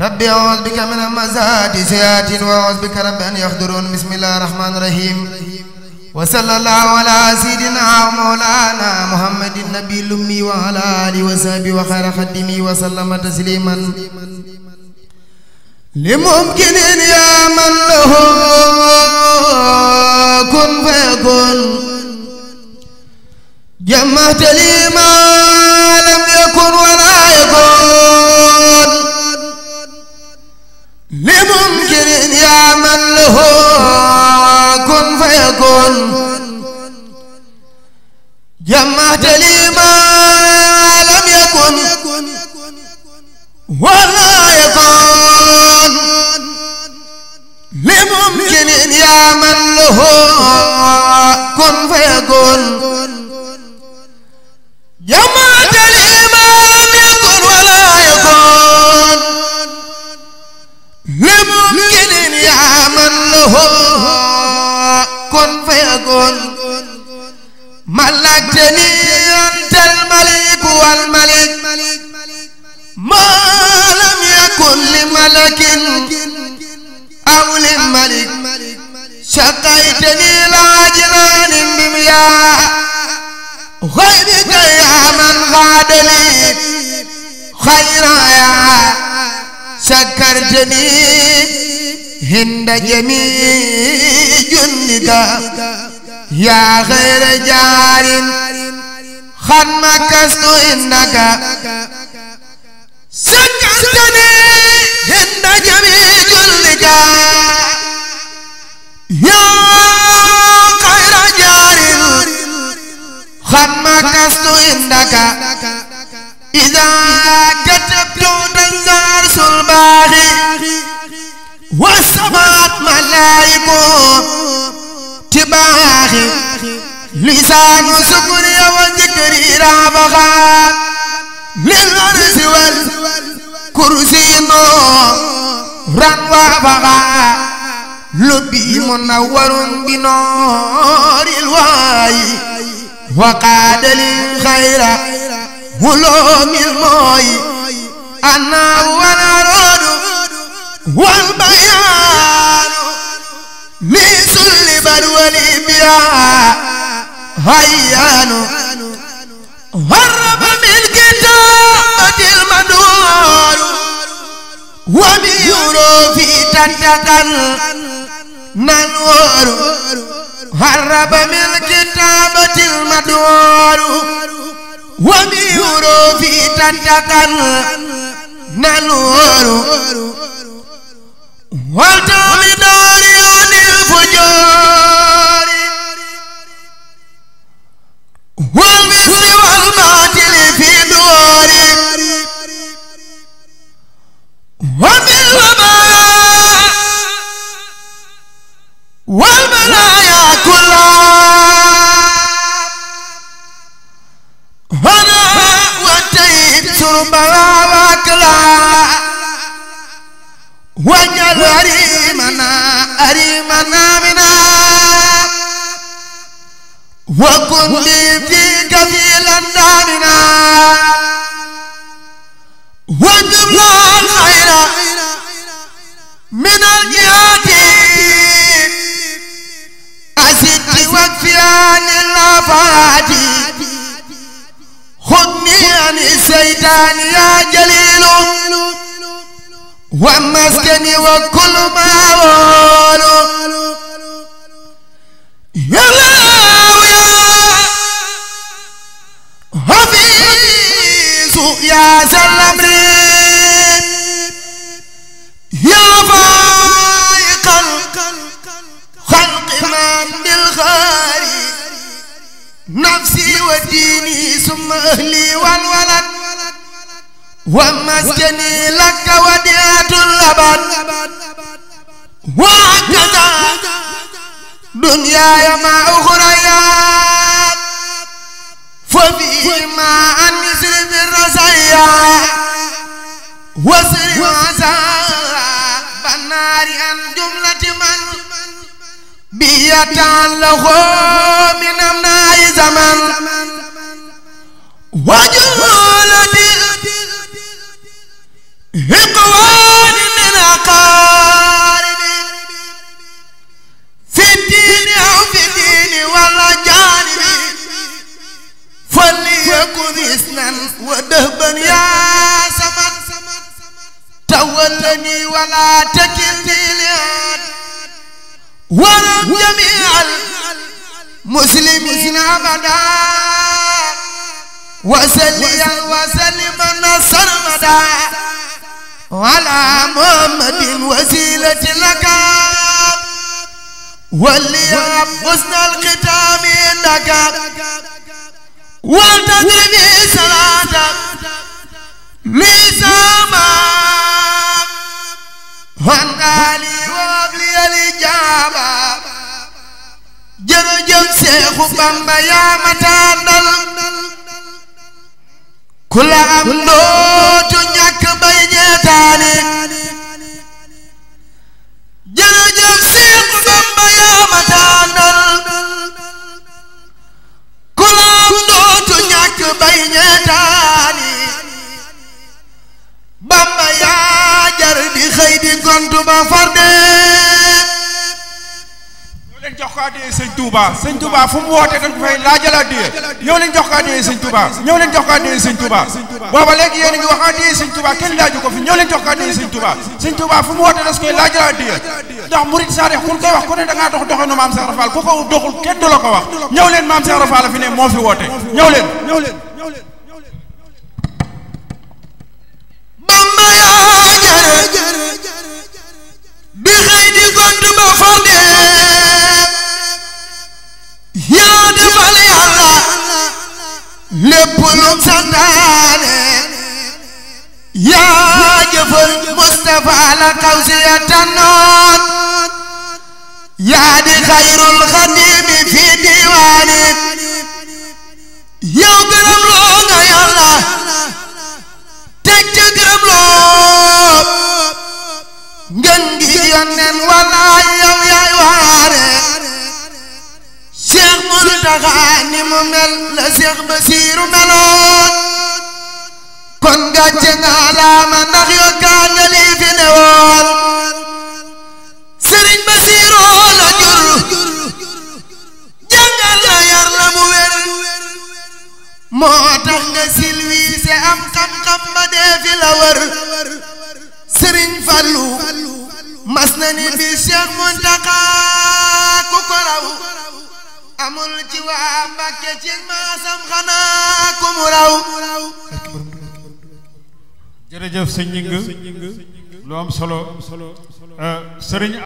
ربي أعوذ بك من همزات سيئات وأعوذ بك رب أن يحضرون بسم الله الرحمن الرحيم وصلى الله على سيدنا ومولانا محمد النبي الأمي وعلى آله وصحبه وخير خدمه وسلم تسليما لممكن يا من له كن فيكن جمعت لي ما لم kon fayagoon malakte ni antal malik wal malik maa lam yakun li malakin aw li malik shaqayte ni laajilaanin bim yaa xayrika yaa man xaadali xayra yaa shakarte ni هند جميع جندك يا خير جار خن مكست إنك سجعتني هند جميع جندك يا خير جار خن مكست إنك إذا safaat malaayiku ci baaxi lisaanu sukuri wa zikri lil arsi wal kursiino ran waafaxa lubbi munawwarun bi nooril waayi wa qaadalil xayra wuloo mil mooyi annaahu wanaaroo والبيان مثل لبلول الانبياء هيان هرب من كتابة المدور وبيرو في تتكن منور هرب من كتابة المدور وبيرو في تتكن منور walta واجعل أريمنا أريمنا منا وكن لي فيك في لندامنا وجمع الخير من الجهات أسد وكفيا للأفات خذني عن الشيطان يا ومسكني وكل ما ولو يا الله يا حفيظ يا سلام يا فائق الخلق من بالخير نفسي وديني ثم اهلي والولد ومسكني لك وديعة الأبد وهكذا دنياي مع أخريا ففيهما عن مثل بالرزايا وسر عذاب النار عن جملة من بيتعلق من أمناء زمن وجه waral jamial muslimin abada wasalliyan wasalliman sarmada ala muhammadin wasilati laka وليا حسن الختام عندك والتدريب صلاتك لسامك fandaali woob li yali jaaba jërëjëf seexu bamba yaa ma tàndal ku la am dootu ñàkk bay ñeetaani leen jox ko addiya sëñ Touba sëñ Touba fu mu wootee dañ ko fay laajal addiya ñëw leen jox ko addiya sëñ Touba ñëw leen jox ko addiya sëñ Touba booba léegi yéen a ngi wax addiya sëñ Touba kenn laaju ko fi ñëw leen jox ko addiya sëñ Touba sëñ Touba fu mu wootee das koy laajal addiya ndax murid saadix ku koy wax ku ne da ngaa dox doxinu maam Cheikh Rafal ku ko doxul kenn du la ko wax ñëw leen maam Cheikh Rafal fi ne moo fi woote ñëw leen ñëw leen Mama yaa jërëjëf di xëy di gont ba far dee yaa defal yàlla lépp lu santaane yaa jëfal Mustafa la kawsiya tanoon yaa di xayrul xadimi fii diwaani yónneen walaay yow jur jàngal la yar mu wér moo tax nga silwiise am xam-xam ba dee fi la wër Fallu mas na ni bi Cheikh Mountakha ku ko raw amul ci waa Mbàkke ci maasam xanaa ku mu raw jërëjëf sëñ Gningue lu am solo euh, sëriñ